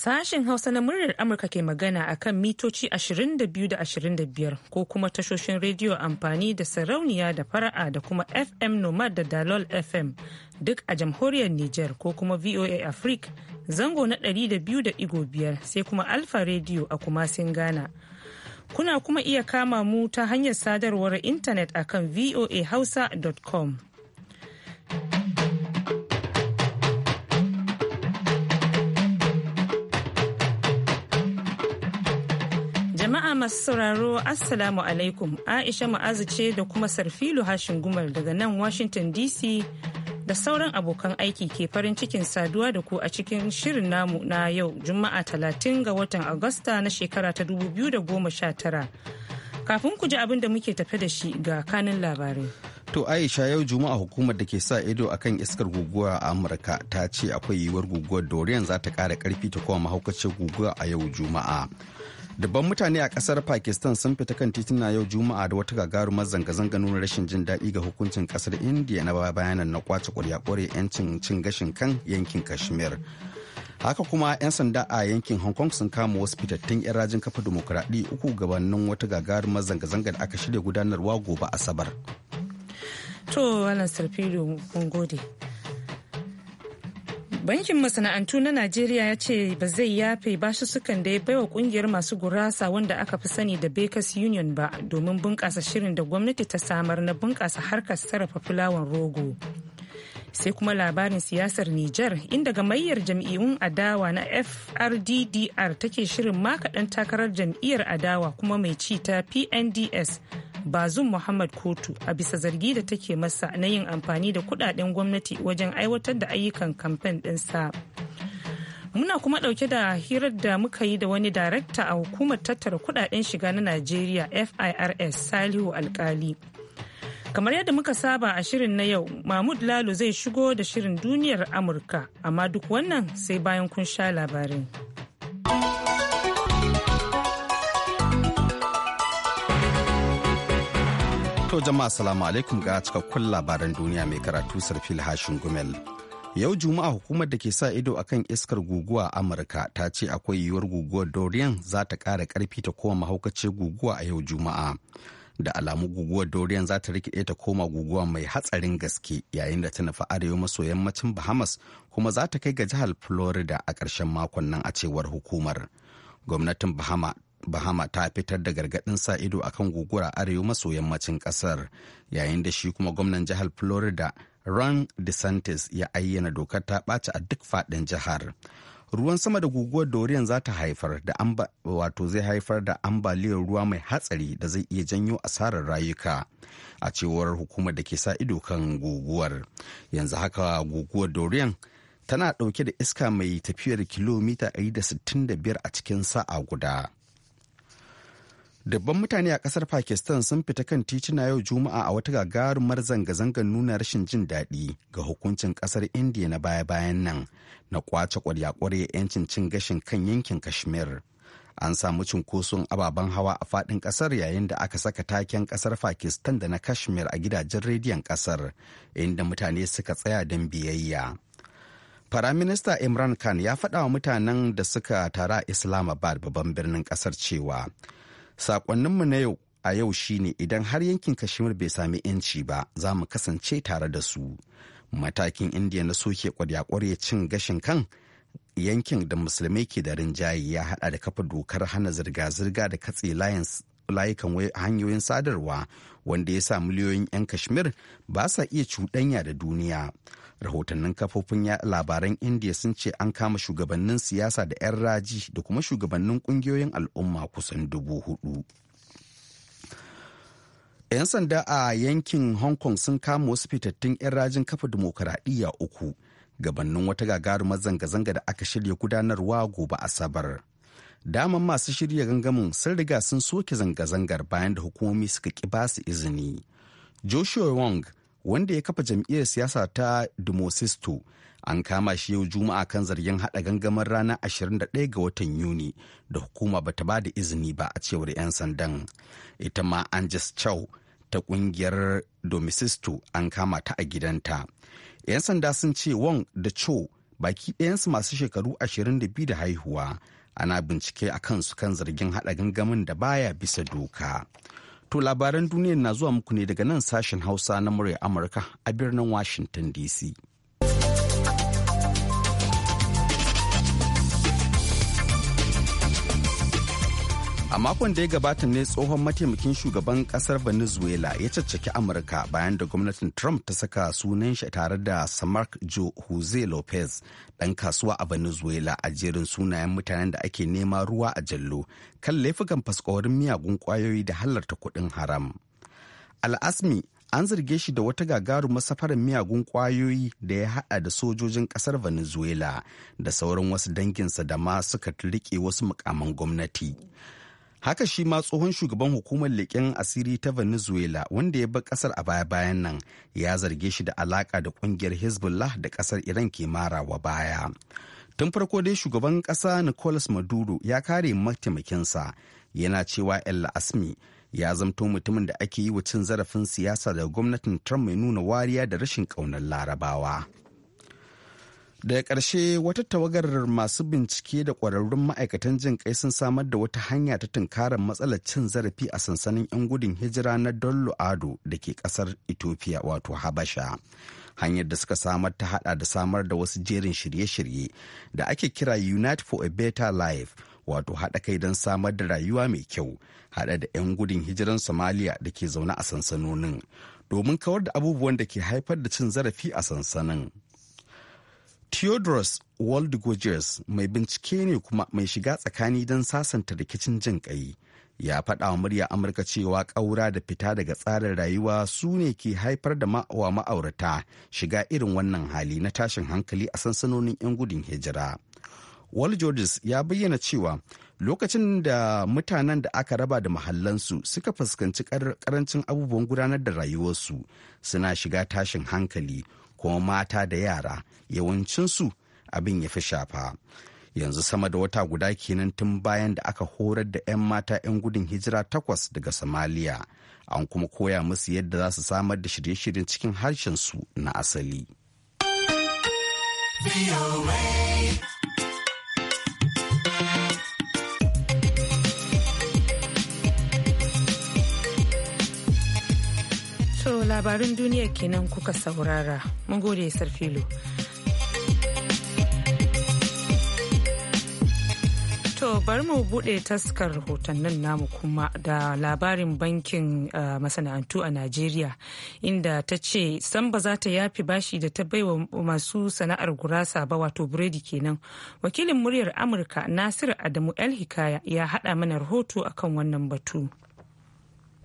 Sashen Hausa na muryar Amurka ke magana a kan mitoci 22 da 25 ko kuma tashoshin rediyo amfani da sarauniya da fara'a da kuma FM Nomad da Dalol FM duk a jamhuriyar Nijar ko kuma VOA Africa zango na 200.5 sai kuma Alfa Radio a kumasin Ghana. Kuna kuma iya kama mu ta hanyar sadarwar intanet a kan voahausa.com. Jama'a masu sauraro Assalamu alaikum Aisha Ma'azu ce da kuma Sarfilu Hashin Gumar daga nan Washington DC da sauran abokan aiki ke farin cikin saduwa da ku a cikin shirin namu na yau Juma'a 30 ga watan Agusta na shekara ta 2019. Kafin ku ji abin da muke tafe da shi ga kanin labarai. To Aisha yau Juma'a hukumar da ke sa ido akan iskar guguwa a Amurka ta ce akwai yiwuwar guguwar Dorian za ta ƙara ƙarfi ta kuma mahaukacin guguwa a yau Juma'a. dubban mutane a kasar Pakistan sun fita kan tituna yau Juma'a da wata gagarumar zanga-zanga nuna rashin jin daɗi ga hukuncin kasar India na bayanan na kwace kwarya-kwarya 'yancin cin gashin kan yankin Kashmir. Haka kuma 'yan sanda a yankin Hong Kong sun kama wasu fitattun 'yan rajin kafa dimokuraɗi uku gabanin wata gagarumar zanga-zanga da aka shirya gudanarwa gobe Asabar. To, wannan Sarfido, mun gode. bankin masana'antu na najeriya ya ce ba zai yafe basussukan da ya baiwa kungiyar masu gurasa wanda aka fi sani da bakers union ba domin bunƙasa shirin da gwamnati ta samar na bunƙasa harkar sarrafa fulawan rogo sai kuma labarin siyasar nijar inda gamayyar jam'iyyun adawa na frddr take shirin makaɗan takarar jam'iyyar adawa kuma mai ci ta pnds bazum muhammad kotu a bisa zargi da take masa na yin amfani da kudaden gwamnati wajen aiwatar da ayyukan kamfen ɗinsa muna kuma ɗauke da hirar da muka yi da wani darakta a hukumar tattara kudaden shiga na najeriya firs salihu alkali kamar yadda muka saba a shirin na yau mahmud lalo zai shigo da shirin duniyar amurka amma duk wannan sai bayan kun sha labarin. To jama'a salamu alaikum ga cikakkun labaran duniya mai karatu sarfil hashin gumel. Yau Juma'a hukumar da ke sa ido akan iskar guguwa a Amurka ta ce akwai yiwuwar guguwar Dorian za ta ƙara ƙarfi ta koma mahaukaci guguwa a yau Juma'a. Da alamu guguwar Dorian za ta rikide ta koma guguwa mai hatsarin gaske yayin da ta nufi arewa maso yammacin Bahamas kuma za ta kai ga jihar Florida a ƙarshen makon nan a cewar hukumar. Gwamnatin Bahama bahama ta fitar da gargaɗin sa ido a kan guguwar arewa maso yammacin ƙasar yayin da shi kuma gwamnan jihar florida ron desantis ya ayyana dokar ta ɓaci a duk faɗin jihar ruwan sama da guguwar dorian za ta haifar da amba wato zai haifar da ambaliyar ruwa mai hatsari da zai iya janyo asarar rayuka a cewar hukumar da ke sa ido kan guguwar yanzu haka guguwar dorian tana ɗauke da iska mai tafiyar kilomita 165 a cikin sa'a guda dubban mutane a kasar Pakistan sun fita kan tituna yau Juma'a a wata gagarumar zanga-zangar nuna rashin jin daɗi ga hukuncin kasar india na baya-bayan nan na kwace kwarya-kwarya 'yancin cin gashin kan yankin Kashmir. An samu cunkoson ababen hawa a fadin kasar yayin da aka saka taken kasar Pakistan da na Kashmir a gidajen rediyon kasar inda mutane suka tsaya don biyayya. Firaminista Imran Khan ya faɗa wa mutanen da suka tara Islamabad babban birnin kasar cewa Sakonninmu na yau a yau shine idan har yankin Kashmir bai sami 'yanci ba za mu kasance tare da su. Matakin Indiya na soke kwarya-kwarya cin gashin kan yankin da musulmai ke da rinjaye ya hada da kafa dokar hana zirga-zirga da katse layin layukan hanyoyin sadarwa wanda ya sa miliyoyin 'yan kashmir ba sa iya cuɗanya da duniya rahotannin kafofin labaran indiya sun ce an kama shugabannin siyasa da 'yan raji da kuma shugabannin ƙungiyoyin al'umma kusan dubu hudu. 'yan sanda a yankin hong kong sun kama wasu fitattun 'yan rajin kafa dimokuraɗiyya uku gabannin wata gagarumar zanga-zanga da aka shirya gudanarwa gobe asabar daman masu shirya gangamin sun riga sun soke zanga-zangar bayan da hukumomi suka ki ba su izini joshua wong wanda ya kafa jam'iyyar siyasa ta dimosisto an kama shi yau juma'a kan zargin hada gangamin ranar 21 ga watan yuni da hukuma bata ba da izini ba a cewar 'yan sandan ita ma an chow ta kungiyar domisisto an kama ta a gidanta 'yan sanda sun ce wong da cho baki ɗayansu masu shekaru 22 da haihuwa ana bincike a kansu kan zargin haɗa gangamin da baya bisa doka. To labaran duniya na zuwa muku ne daga nan sashen Hausa na murya Amurka a birnin Washington DC. a makon da ya gabata ne tsohon mataimakin shugaban kasar venezuela ya caccaki amurka bayan da gwamnatin trump ta saka sunan shi tare da samark jo jose lopez dan kasuwa a venezuela a jerin sunayen mutanen da ake nema ruwa a jallo kan laifukan faskawarin miyagun kwayoyi da halarta kuɗin haram al'asmi an zarge shi da wata gagarumar safarar miyagun kwayoyi da ya hada da sojojin kasar venezuela da sauran wasu danginsa da ma suka rike wasu mukaman gwamnati haka shi ma tsohon shugaban hukumar leƙen asiri ta venezuela wanda ya bar ƙasar a baya-bayan nan ya zarge shi da alaƙa da ƙungiyar hezbollah da ƙasar iran ke marawa baya tun farko dai shugaban ƙasa nicolas maduro ya kare mataimakinsa yana cewa el asmi ya zamto mutumin da ake yi wa cin zarafin siyasa daga gwamnatin trump mai nuna wariya da rashin ƙaunar larabawa daga ƙarshe wata tawagar masu bincike da ƙwararrun ma'aikatan jin kai sun samar da wata hanya ta tunkarar matsalar cin zarafi a sansanin 'yan gudun hijira na don lu'ado da ke ƙasar ethiopia wato habasha hanyar da suka samar ta hada da samar da wasu jerin shirye-shirye da ake kira unite for a better life wato haɗa kai don samar da rayuwa mai kyau haɗa da 'yan gudun hijiran somalia da ke zaune a sansanonin domin kawar da abubuwan da ke haifar da cin zarafi a sansanin Theodorus Waldgogers mai bincike ne kuma mai shiga tsakani don sasanta rikicin jin ƙai. Ya faɗa wa murya Amurka cewa ƙaura da fita daga tsarin rayuwa su ne ke haifar da wa ma'aurata shiga irin wannan hali na tashin hankali a sansanonin 'yan gudun hijira. Wal Georges ya bayyana cewa lokacin da mutanen da aka raba da mahallansu suka fuskanci karancin abubuwan gudanar da rayuwarsu suna shiga tashin hankali kuma mata da yara yawancinsu abin ya fi shafa yanzu sama da wata guda kenan tun bayan da aka horar da 'yan mata 'yan gudun hijira takwas daga somaliya an kuma koya musu yadda za su samar da shirye-shiryen cikin harshensu na asali. labarin duniya kenan kuka saurara mun gode sarfilo to bari mu bude taskar hotonnin namu kuma da labarin bankin eh, masana'antu a najeriya inda ta ce san ba za ta yafi bashi da ta baiwa masu sana'ar gurasa ba wato buredi kenan wakilin muryar amurka nasiru adamu el hikaya ya hada mana rahoto akan wannan batu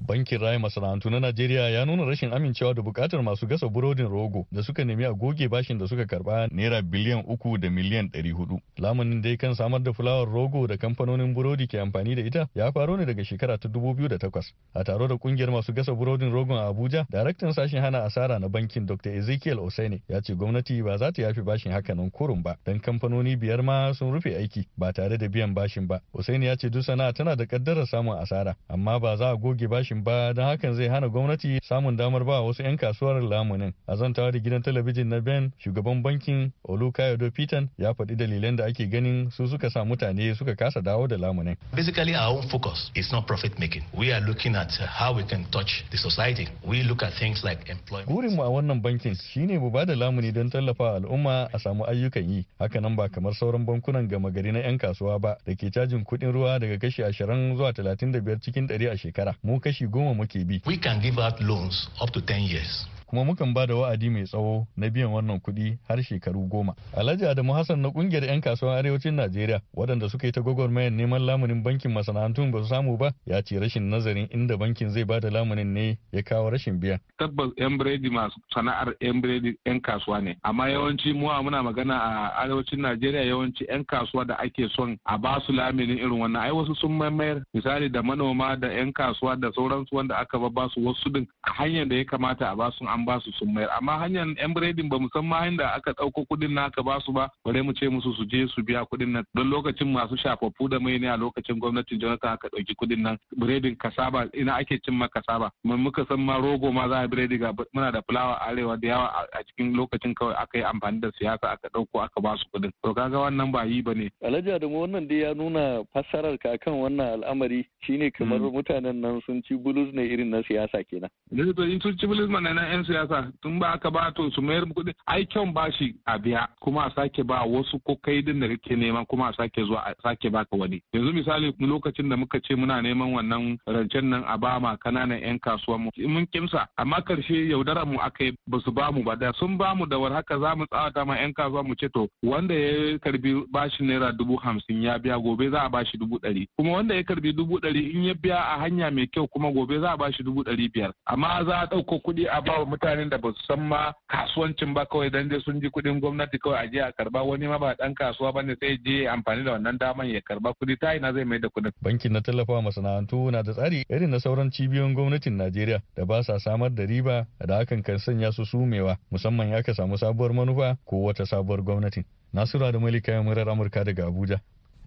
Bankin Raya Masana'antu na Najeriya ya nuna rashin amincewa da bukatar masu gasa burodin rogo da suka nemi a goge bashin da suka karba naira biliyan uku da miliyan ɗari hudu. Lamunin dai kan samar da fulawar rogo da kamfanonin burodi ke amfani da ita ya faru ne daga shekara ta dubu biyu da takwas. A taro da kungiyar masu gasa burodin rogo a Abuja, daraktan sashen hana asara na bankin Dr. Ezekiel Osene ya ce gwamnati ba za ta yafi bashin hakanan kurun ba don kamfanoni biyar ma sun rufe aiki ba tare da biyan bashin ba. Osene ya ce duk sana'a tana da kaddarar samun asara amma ba za a goge bashin farashin ba don hakan zai hana gwamnati samun damar ba wasu 'yan kasuwar lamunin. A zantawa da gidan talabijin na Ben, shugaban bankin Olukayodo peter ya faɗi dalilan da ake ganin su suka sa mutane suka kasa dawo da lamunin. Basically our focus is not profit making. We are at how we can the society. We look at things like employment. a wannan bankin shine mu ba da lamuni don tallafa al'umma a samu ayyukan yi. Hakanan ba kamar sauran bankunan gama gari na 'yan kasuwa ba da ke cajin kuɗin ruwa daga kashi 20 zuwa 35 cikin 100 a shekara. Mu kashi you go on We can give out loans up to 10 years. kuma mukan ba da wa'adi mai tsawo na biyan wannan kuɗi har shekaru goma. Alhaji Adamu Hassan na ƙungiyar 'yan kasuwan arewacin Najeriya waɗanda suka yi ta gwagwarmayar neman lamunin bankin masana'antun ba su samu ba ya ce rashin nazarin inda bankin zai ba da lamunin ne ya kawo rashin biya. Tabbas 'yan biredi masu sana'ar 'yan biredi 'yan kasuwa ne amma yawanci mu muna magana a arewacin Najeriya yawanci 'yan kasuwa da ake son a ba su laminin irin wannan ai wasu sun mayar misali da manoma da 'yan kasuwa da sauransu wanda aka ba su wasu din hanyar da ya kamata a ba su an ba su sun mayar amma hanyar yan biredin ba musamman da aka ɗauko kudin na aka ba su ba bare mu ce musu su je su biya kudin nan don lokacin masu shafaffu da mai ne a lokacin gwamnatin jonathan aka ɗauki kuɗin nan biredin kasaba ina ake cin ma kasaba mun muka san ma rogo ma za a biredi ga muna da fulawa arewa da yawa a cikin lokacin kawai aka yi amfani da siyasa aka ɗauko aka ba su kuɗin to kaga wannan ba yi ba ne. alhaji adamu wannan dai ya nuna fassarar ka kan wannan al'amari shine kamar hmm. mutanen nan sun ci bulus ne irin na siyasa kenan. to in sun ci bulus ma na yan siyasa tun ba aka ba to su mayar kuɗi ai kyan shi a biya kuma a sake ba wasu ko kai din da kake nema kuma a sake zuwa a sake baka wani yanzu misali lokacin da muka ce muna neman wannan rancen nan a bama kananan 'yan kasuwa mu mun kimsa amma karshe yaudara mu aka yi ba su bamu ba da sun bamu da war haka za mu tsawata ma 'yan kasuwa mu ce to wanda ya karbi bashi naira dubu hamsin ya biya gobe za a bashi dubu ɗari kuma wanda ya karbi dubu ɗari in ya biya a hanya mai kyau kuma gobe za a bashi dubu ɗari biyar amma za a ɗauko kuɗi a ba mutanen da ba su san ma kasuwancin ba kawai dan je sun ji kuɗin gwamnati kawai a a karba wani ma ba dan kasuwa bane sai je amfani da wannan daman ya karba kudi ta ina zai mai da kuɗin. Bankin na tallafawa masana'antu na da tsari irin na sauran cibiyoyin gwamnatin Najeriya da ba sa samar da riba da hakan kan sanya su sumewa musamman ya ka samu sabuwar manufa ko wata sabuwar gwamnati Nasiru da Malika ya murar Amurka daga Abuja,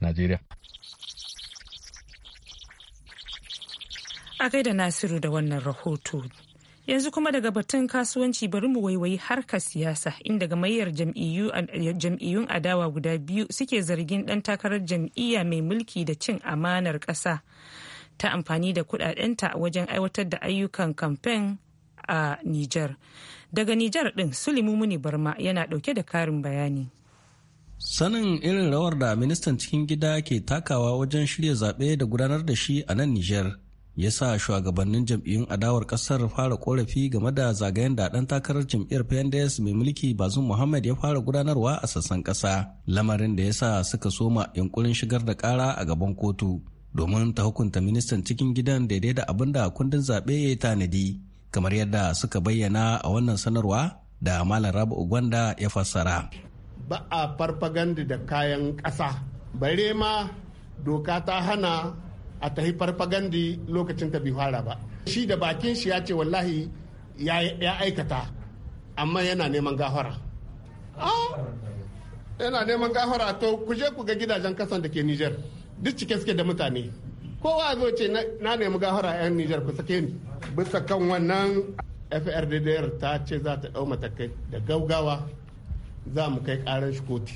Najeriya. A da Nasiru da wannan rahoto. yanzu kuma daga batun kasuwanci bari mu waiwayi harkar siyasa inda gamayyar jam'iyyun adawa guda biyu suke zargin dan takarar jam'iyya mai mulki da cin amanar kasa ta amfani da kudadenta wajen aiwatar da ayyukan kamfen a niger daga niger din sulimu muni barma yana dauke da karin bayani sanin irin rawar da ministan cikin gida ke takawa wajen shirya zaɓe da gudanar da shi a nan niger ya sa shugabannin jam'iyyun adawar kasar fara korafi game da zagayen da dan takarar jam'iyyar PNDS mai mulki Bazum Muhammad ya fara gudanarwa a sassan kasa lamarin da ya sa suka soma yunkurin shigar da kara a gaban kotu domin ta hukunta ministan cikin gidan daidai da abin da kundin zaɓe ya yi tanadi kamar yadda suka bayyana a wannan sanarwa da Malam Rabu Ugwanda ya fassara. Ba a farfaganda da kayan ƙasa bare ma doka ta hana a tafi farfagandi lokacin ta bi fara ba shi da bakin shi ya ce wallahi ya aikata amma yana neman gafara ah, yana neman gafara to ku je ku ga gidajen kasan da ke Nijar duk cike suke da mutane kowa zo ce na nemi gafara yan Nijar ku sake ni bisa kan wannan FRDDR ta ce za ta dau matakai da gaugawa za mu kai karar shi koti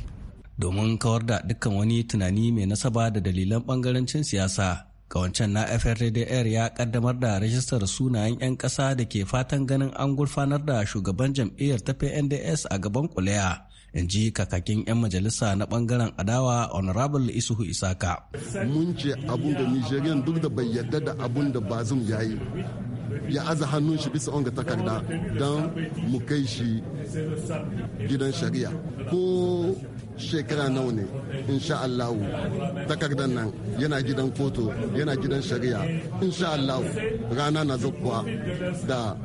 domin kawar da dukkan wani tunani mai nasaba da dalilan bangarancin siyasa Kawancen na FRDR ya kaddamar da rajistar sunayen 'yan ƙasa da ke fatan ganin an gurfanar da shugaban jam'iyyar ta PNDS a gaban kuliya. in ji kakakin 'yan majalisa na bangaren adawa honorable isuhu isaka mun ce abun da nigerian duk da bai yadda da abun da bazum ya yi ya aza hannun shi bisa onga takarda don mu kai shi gidan shari'a ko shekara nawa ne insha Allah takardar nan yana gidan kotu yana gidan shari'a insha Allah rana na zukuwa da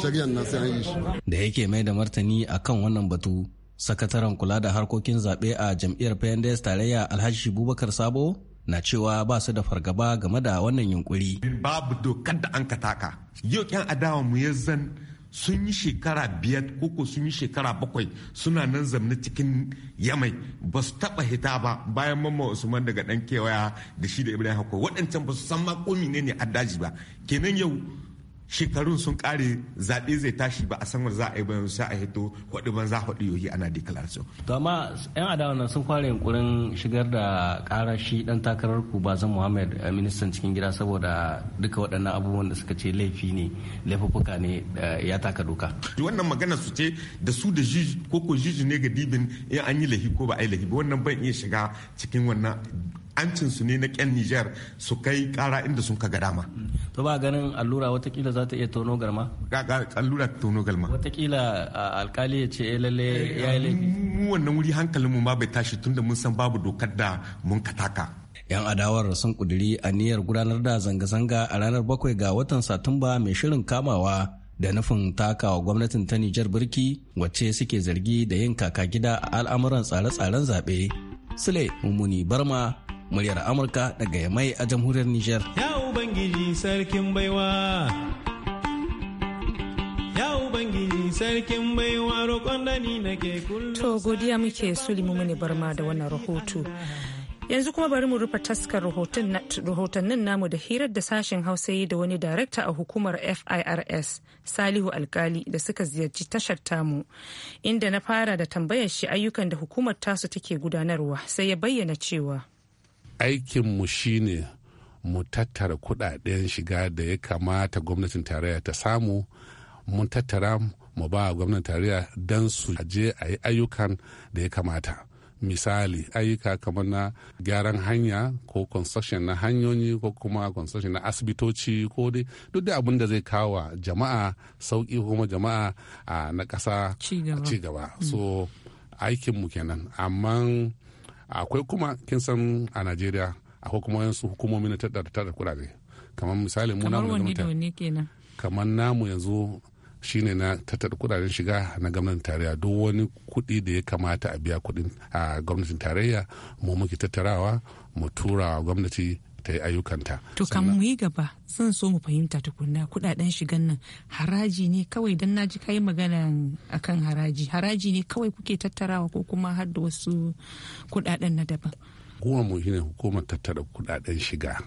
shari'ar na sai an yi da yake mai da martani a kan wannan batu sakataren kula da harkokin zaɓe a jam'iyyar PNDS tarayya Alhaji Bubakar Sabo na cewa ba su da fargaba game da wannan yunkuri babu dokar da an kataka yau kyan adawa mu ya zan sun yi shekara biyar koko sun yi shekara bakwai suna nan zamna cikin yamai ba su taba hita ba bayan mamma usman daga dan kewaya da shi da ibrahim hakwai waɗancan ba su san ma komi ne a daji ba kenan yau shekarun sun kare zaɓe zai tashi ba a san wanda za a yi bayan sai a hito kwaɗi ban za kwaɗi yohi ana declaration. to amma yan adawa na sun fara yunkurin shigar da ƙarar shi ɗan takarar ku bazan muhammad eh, ministan cikin gida saboda duka waɗannan abubuwan da suka ce laifi ne laifuffuka ne eh, ya taka doka. wannan magana su ce da su da jiji ko ko jiji ne ga dibin in an yi lahi ko ba a yi lahi ba wannan ban iya shiga cikin wannan 'yancin su ne na ƙyan Nijar su kai ƙara inda sun ka ga dama. To ba ganin allura watakila za ta iya tono galma? Allura tono galma. Watakila alkali ya ce eh, lalle eh, ya yi Mu wannan wuri hankalin mu ma bai tashi tunda mun san babu dokar da mun kataka. 'yan adawar sun kuduri niyyar gudanar da zanga-zanga a ranar bakwai ga watan satumba mai shirin kamawa da nufin takawa gwamnatin ta nijar birki wacce suke zargi da yin kaka gida a al'amuran tsare-tsaren zaɓe sule mummuni barma muryar amurka daga yamai a jamhuriyar niger ya ubangiji sarkin baiwa to godiya muke sulimu mini barma da wannan rahoto yanzu kuma bari mu rufe taskar rahotannin namu da hirar da sashen hausa yi da wani darakta a hukumar firs salihu alkali da suka ziyarci tashar tamu inda na fara da tambayar shi ayyukan da hukumar tasu take gudanarwa sai ya bayyana cewa aikinmu shi ne mu tattara kudaden shiga da ya kamata gwamnatin tarayya ta samu mun tattara mu ba gwamnatin tarayya don su je a yi ayyukan da ya kamata misali ayyuka kamar na gyaran hanya ko construction na hanyoyi ko kuma construction na asibitoci ko dai duk da abin da zai kawo wa jama'a sauki kuma jama'a na ƙasa ci gaba mm. so aikinmu kenan amma akwai kuma kin san a najeriya akwai kuma yansu hukumomi na tattara kudade kamar misali mu namu na kamar namu yanzu shine na tattara kudaden shiga na gwamnatin tarayya duk wani kuɗi da ya kamata a biya kuɗin a gwamnatin tarayya mu muke tattarawa mu turawa gwamnati ta yi ayyukanta. To kan mu yi gaba zan so mu fahimta tukunna kudaden shigan nan haraji ne kawai dan na ji kai magana akan haraji haraji ne kawai kuke tattarawa ko kuma har da wasu kudaden na daban. kuma mu shine hukumar tattara kudaden shiga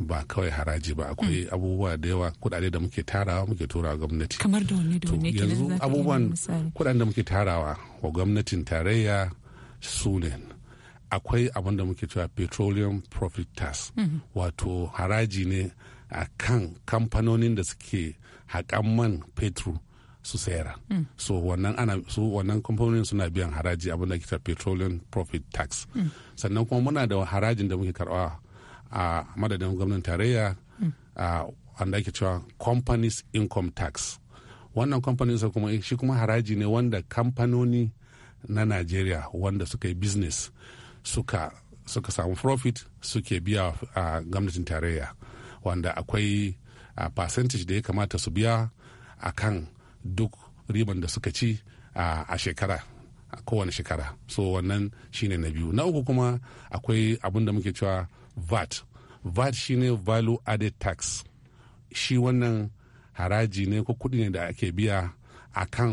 ba kawai haraji ba akwai hmm. abubuwa da yawa kudade da muke tarawa muke turawa gwamnati kamar da wani da wani yanzu abubuwan kudaden da muke tarawa wa gwamnatin tarayya su ne akwai abin da muke cewa petroleum profit tax wato haraji ne a kan kamfanonin da suke haƙan man fetur su sayara mm. so wannan ana so wannan kamfanonin suna biyan haraji abin da ke petroleum profit tax mm. sannan kuma muna da harajin da muke karɓa a madadin gwamnan tarayya a wanda ake cewa companies income tax wannan companies kuma shi kuma haraji ne wanda kamfanoni na najeriya wanda suka yi business suka suka samu profit suke biya a gwamnatin tarayya wanda akwai a percentage da ya kamata su biya a kan duk riban da suka ci a shekara a kowane shekara so wannan shine na biyu na uku kuma akwai abin da muke cewa vat vat shine value added tax shi wannan haraji ne ko kudi ne da ake biya a kan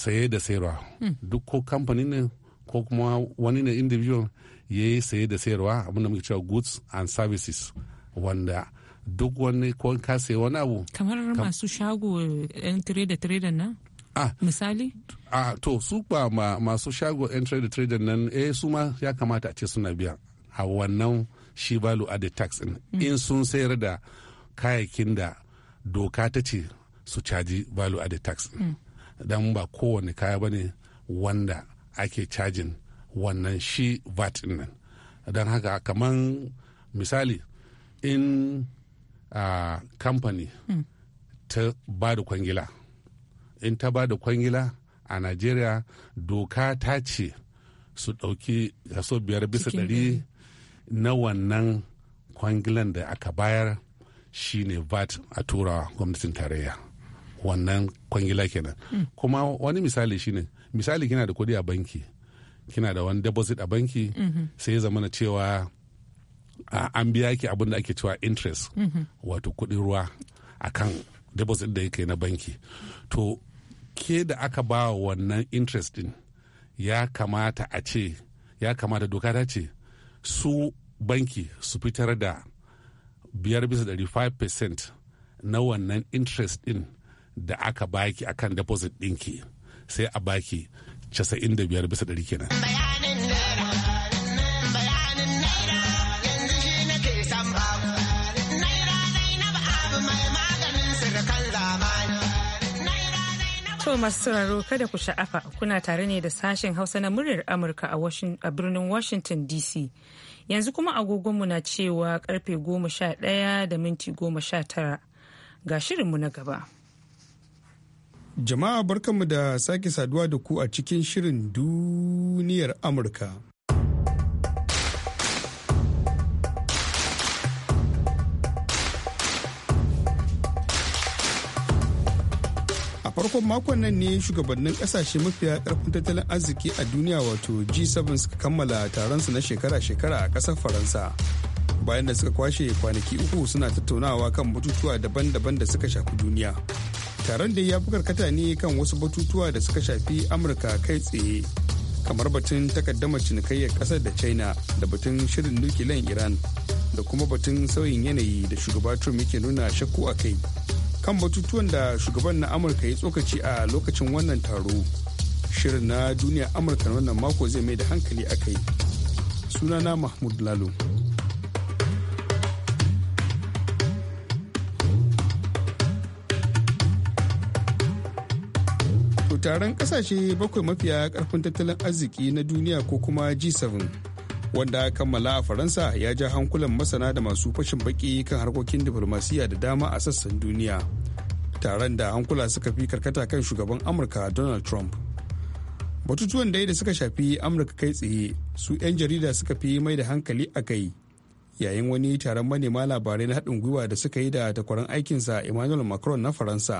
saye da sayarwa hmm. duk ko kamfanin. ne ko kuma wani ne individual ya yi saye da sayarwa abinda muke cewa goods and services wanda duk wani ko ka sayi wani abu kamar masu shago yan trader trader nan ah, misali ah, to su ba ma, masu shago yan trader trader nan eh su ma ya kamata a ce suna biya a wannan shi balu the tax in mm. in sun sayar da kayayyakin da doka ta ce su caji balu added tax mm. dan ba kowane kaya bane wanda ake cajin wannan shi vat nan don haka kamar misali in uh, kamfani hmm. ta ba da kwangila in ta ba da kwangila a Nigeria doka ta ce su ɗauki kaso biyar bisa ɗari na wannan kwangilan da aka bayar shi ne vat a turawa gwamnatin tarayya wannan kwangila kenan hmm. kuma wani misali shine misali kina da kuɗi a banki kina da wani deposit a banki sai ya na cewa an biya ki abin da ake cewa interest wato kuɗin ruwa kan deposit da yake na banki to ke da aka ba wannan interest din ya kamata a ce ya kamata doka ta ce su banki su fitar da biyar bisa ɗari 5% na wannan interest din da aka baki akan deposit ɗinki. sai a baki 95 bisa ɗari kenan. To masu sauraro kada ku sha'afa kuna tare ne da sashen Hausa na muryar Amurka a birnin Washington DC. Yanzu kuma agogonmu na cewa karfe goma sha ɗaya da minti goma sha tara ga shirinmu na gaba. Jama'a barkanmu da sake saduwa da ku a cikin shirin duniyar Amurka. A farkon makon nan ne shugabannin kasashe mafiya karfin tattalin arziki a duniya wato G7 suka kammala taron su na shekara-shekara a ƙasar Faransa. Bayan da suka kwashe kwanaki uku suna tattaunawa kan batutuwa daban-daban da suka shafi duniya. taron da ya fi karkata ne kan wasu batutuwa da suka shafi amurka kai tsaye kamar batun takaddama cinikayyar kasar da china da batun shirin nukilan iran da kuma batun sauyin yanayi da shugaba trump yake nuna shakku a kai kan batutuwan da shugaban na amurka ya tsokaci a lokacin wannan taro shirin na duniya amurka wannan mako zai mai da hankali a kai sunana mahmud lalo taron kasashe bakwai mafiya karfin tattalin arziki na duniya ko kuma G7 wanda kammala a Faransa ya ja hankulan masana da masu fashin baki kan harkokin diplomasiya da dama a sassan duniya. Taron da hankula suka fi karkata kan shugaban Amurka Donald Trump. Batutuwan da da suka shafi Amurka kai tsaye su 'yan jarida suka fi mai da hankali a kai yayin wani taron manema labarai na haɗin gwiwa da suka yi da takwaran aikinsa Emmanuel Macron na Faransa.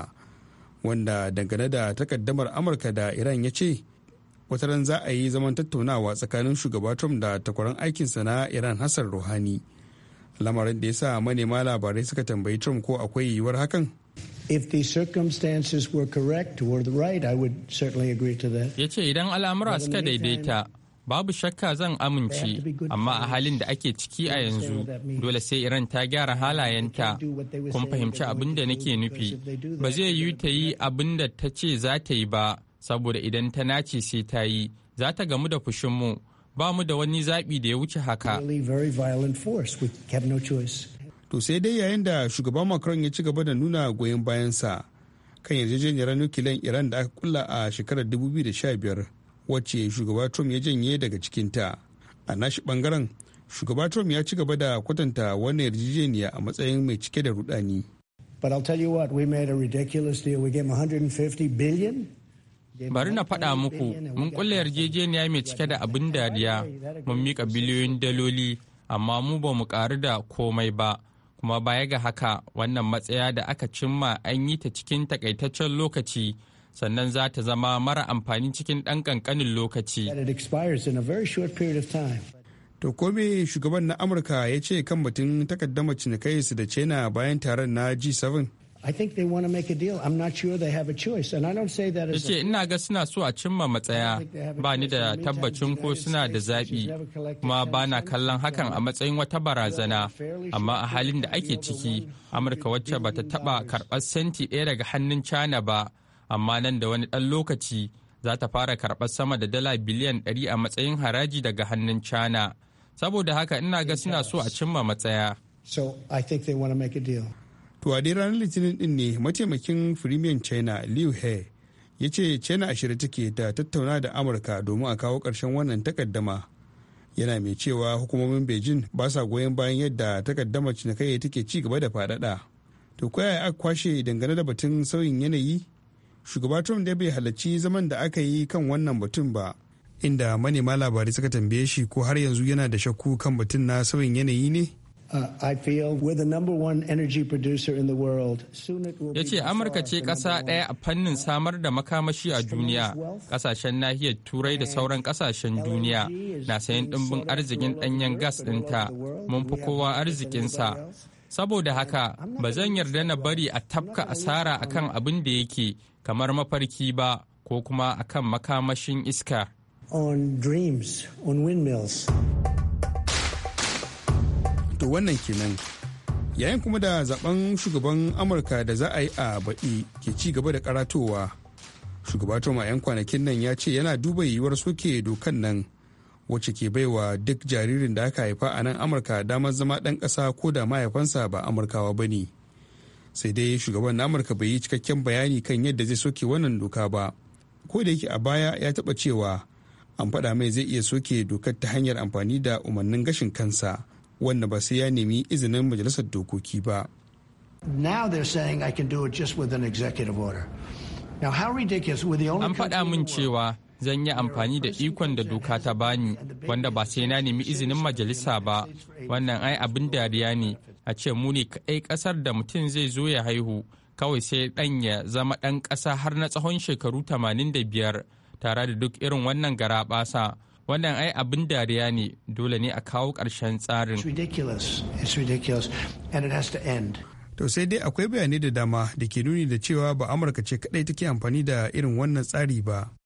wanda dangane da takaddamar amurka da iran ya ce ran za a yi zaman tattaunawa tsakanin shugaba trump da takwaran aikinsa na iran hassan ruhani lamarin da ya sa manema labarai suka tambayi trump ko akwai yiwuwar hakan If the circumstances were correct or the right, I would certainly agree to that. Ya idan al'amura suka daidaita babu shakka zan amince amma a halin da ake ciki a yanzu dole sai iran ta gyara halayenta kun fahimci abin da nake nufi ba zai yi ta yi abin da ta ce za ta yi ba saboda idan ta nace sai ta yi za ta gamu da fushinmu ba mu da wani zaɓi da ya wuce haka to sai dai yayin da shugaban macron ya ci gaba da nuna goyon bayansa kan yarjejeniyar nukiliyan iran da aka kulla a shekarar 2015 wacce shugaba trump ya janye daga cikinta a nashi bangaren shugaba trump ya ci gaba da kwatanta wannan yarjejeniya a matsayin mai cike da rudani But I'll tell you what, Bari na faɗa muku, mun kulle yarjejeniya mai cike da abin dariya, mun mika biliyoyin daloli, amma mu ba mu ƙaru da komai ba. Kuma baya ga haka, wannan matsaya da aka cimma an yi ta cikin takaitaccen lokaci sannan za ta zama mara amfani cikin ɗan ƙanƙanin lokaci. To kome shugaban na Amurka ya ce kan batun takaddama su da China bayan taron na G7? I Yace ina ga suna so a cimma matsaya ba ni da tabbacin ko suna da zaɓi kuma ba na kallon hakan a matsayin wata barazana amma a halin da ake ciki Amurka wacce ba ta taɓa karɓar senti ɗaya daga hannun China ba amma nan da wani ɗan lokaci za ta fara karɓar sama da dala biliyan 100 a matsayin haraji daga hannun China. Saboda haka ina ga suna so a cimma matsaya. to a dai ranar Litinin din ne mataimakin Firimiyan China Liu He ya ce China a shirye take ta tattauna da Amurka domin a kawo karshen wannan takaddama. Yana mai cewa hukumomin Beijing ba sa goyon bayan yadda takaddamar cinikayya take ci gaba da faɗaɗa. To kwaya aka kwashe dangane da batun sauyin yanayi? shugaba trump da bai halarci zaman da aka yi kan wannan batun ba inda manema labarai suka tambaye shi ko har yanzu yana da shakku kan batun na sauyin yanayi ne uh, ya ce amurka ce ƙasa ɗaya a fannin samar da makamashi a duniya ƙasashen nahiyar turai da sauran ƙasashen duniya na sayan ɗimbin arzikin ɗanyen gas ɗinta mun fi kowa arzikinsa Saboda haka ba zan yarda na bari a tafka asara akan abin da yake kamar mafarki ba ko kuma akan makamashin iska. On dreams, on windmills. To wannan kenan yayin kuma da zaben shugaban amurka da za a yi a baɗi ke ci gaba da karatowa shugaba a 'yan kwanakin nan ya ce yana duba yiwuwar soke dokan nan wacce ke baiwa duk jaririn da aka haifa a nan amurka damar zama ɗan ƙasa ko da mahaifansa ba amurkawa ba ne sai dai shugaban na amurka bai yi cikakken bayani kan yadda zai soke wannan doka ba ko da yake a baya ya taba cewa an faɗa mai zai iya soke dokar ta hanyar amfani da umarnin gashin kansa wanda ba sai ya nemi izinin majalisar dokoki ba. an faɗa min cewa zan yi amfani da ikon da doka ta bani wanda ba sai na nemi izinin majalisa ba wannan ai abin dariya ne a ce mu ne kaɗai ƙasar da mutum zai zo ya haihu kawai sai ɗan ya zama ɗan ƙasa har na tsawon shekaru 85 tare da duk irin wannan garaɓasa wannan ai abin dariya ne dole ne a kawo ƙarshen tsarin to sai dai akwai bayanai da dama da ke nuni da cewa ba amurka ce kadai take amfani da irin wannan tsari ba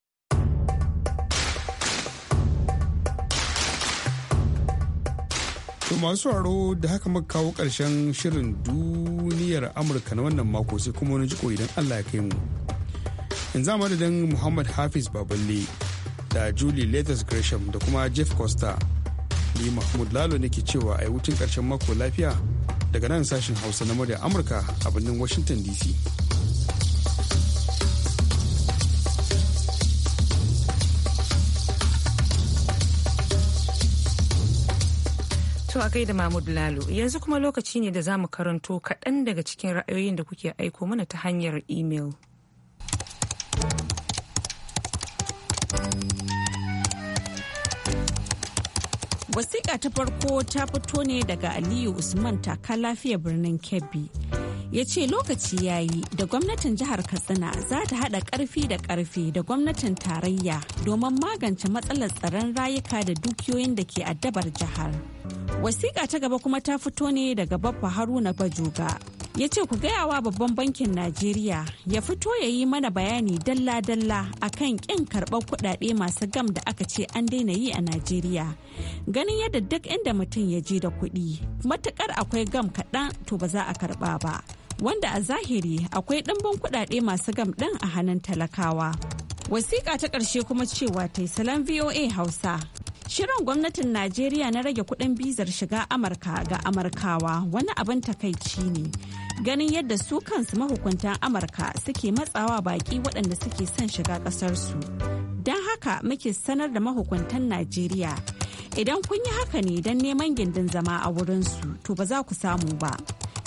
To masu sauraro da haka muka kawo ƙarshen shirin duniyar Amurka na wannan mako sai kuma wani jiko idan Allah ya kai mu. za madadin Muhammad Hafiz Baballe da Julie Letters Gresham da kuma Jeff Costa. Ni Mahmud Lalo nake cewa a wucin ƙarshen mako lafiya daga nan sashen Hausa na murya Amurka a birnin Washington DC. To a kai da Mahmud Lalo yanzu kuma lokaci ne da za mu karanto kaɗan daga cikin ra'ayoyin da kuke aiko mana ta hanyar imel. Wasiƙa ta farko ta fito ne daga Aliyu Usman taka lafiya birnin Kebbi. ya ce lokaci ya yi da gwamnatin jihar katsina za ta haɗa ƙarfi da ƙarfi da gwamnatin tarayya domin magance matsalar tsaron rayuka da dukiyoyin da ke addabar jihar wasiƙa ta gaba kuma ta fito ne daga babba haruna bajoga ya ce ku gaya wa babban bankin najeriya ya fito ya yi mana bayani dalla-dalla a kan ƙin karɓar kuɗaɗe masu gam da aka ce an daina yi a najeriya ganin yadda duk inda mutum ya je da kuɗi matuƙar akwai gam kaɗan to ba za a karɓa ba wanda a zahiri akwai ɗimbin kuɗaɗe masu gam ɗin a hannun talakawa. Wasiƙa ta ƙarshe kuma cewa ta salon VOA Hausa. Shirin gwamnatin Najeriya na rage kuɗin bizar shiga Amurka ga Amurkawa wani abin takaici ne. Ganin yadda su kansu mahukuntan Amurka suke matsawa baƙi waɗanda suke son shiga ƙasarsu. Don haka muke sanar da mahukuntan Najeriya. Idan kun yi haka ne don neman gindin zama a wurinsu, to ba za ku samu ba.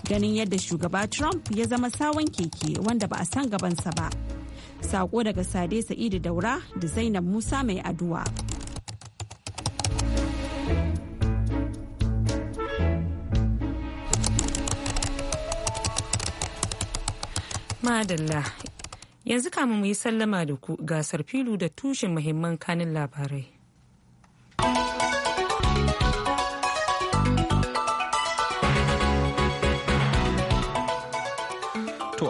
ganin yadda shugaba Trump ya zama sawan keke wanda ba a san gabansa ba. Sako daga Sade Sa'idu Daura da Zainab Musa mai aduwa. Madalla yanzu kama mu yi sallama da ku gasar filu da tushen muhimman kanin labarai.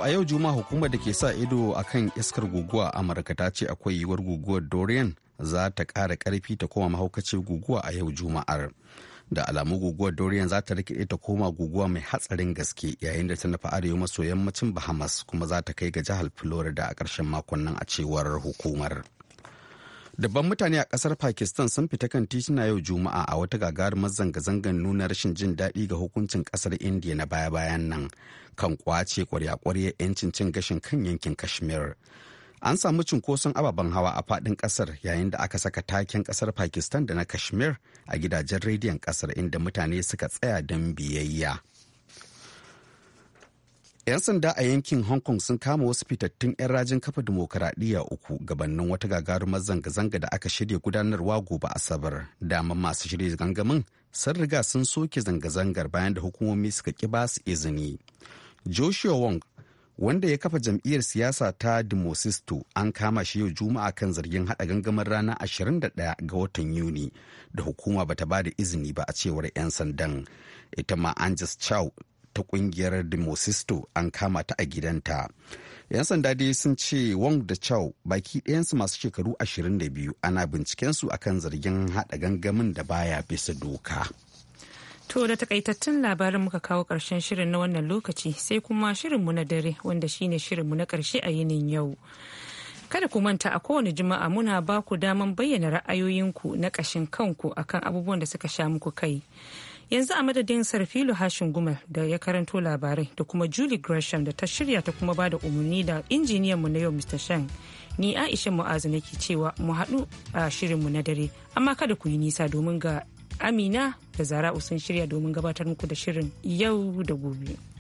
a yau juma hukumar da ke sa ido a kan iskar guguwa a Amurka ta ce akwai yiwuwar guguwar Dorian za ta ƙara ƙarfi ta koma mahaukacin guguwa a yau Juma'ar. Da alamu guguwar Dorian za ta rikide ta koma guguwa mai hatsarin gaske yayin da ta nufa arewa maso yammacin Bahamas kuma za ta kai ga jihar Florida a ƙarshen makon nan a cewar hukumar. Dabban mutane a ƙasar Pakistan sun fita kan tituna yau Juma'a a wata gagarumar zanga-zangar nuna rashin jin daɗi ga hukuncin ƙasar India na baya-bayan nan kan ƙwace kwarya-kwarya 'yancin cin gashin kan yankin Kashmir. An samu cunkoson ababen hawa a faɗin ƙasar yayin da aka saka taken ƙasar Pakistan da na Kashmir a gidajen rediyon ƙasar inda mutane suka tsaya don biyayya. 'Yan sanda a yankin Hong Kong sun kama wasu fitattun 'yan rajin kafa dimokuraɗiyya uku gabanin wata gagarumar zanga-zanga da aka shirya gudanarwa gobe Asabar. Daman masu shirya gangamin sun riga sun soke zanga-zangar bayan da hukumomi suka ƙi ba su izini. Joshua Wong wanda ya kafa jam'iyyar siyasa ta dimosisto an kama shi yau Juma'a kan zargin haɗa gangamin ranar 21 ga watan Yuni da hukuma bata ba da izini ba a cewar 'yan sandan. Ita ma Angus Chow ta kungiyar demosisto an kama ta a gidanta 'yan sanda dai sun ce wong da chow baki ɗayansu masu shekaru 22 ana bincikensu akan zargin haɗa gangamin da baya bisa doka To da takaitattun labarin muka kawo ƙarshen shirin na wannan lokaci sai kuma shirin mu na dare wanda shine mu na ƙarshe a yinin yau. Kada ku manta a kowane juma'a muna ba ku daman bayyana ra'ayoyinku na ƙashin kanku akan abubuwan da suka sha muku kai. yanzu a madadin sarfilu hashin gumar da ya karanto labarai da kuma julie gresham da ta shirya ta kuma ba da umarni da injiniyan mu na yau mr shan ni aisha mu'azu nake cewa mu haɗu a shirin mu na dare amma kada ku yi nisa domin ga amina da zara'u sun shirya domin gabatar muku da shirin yau da gobe.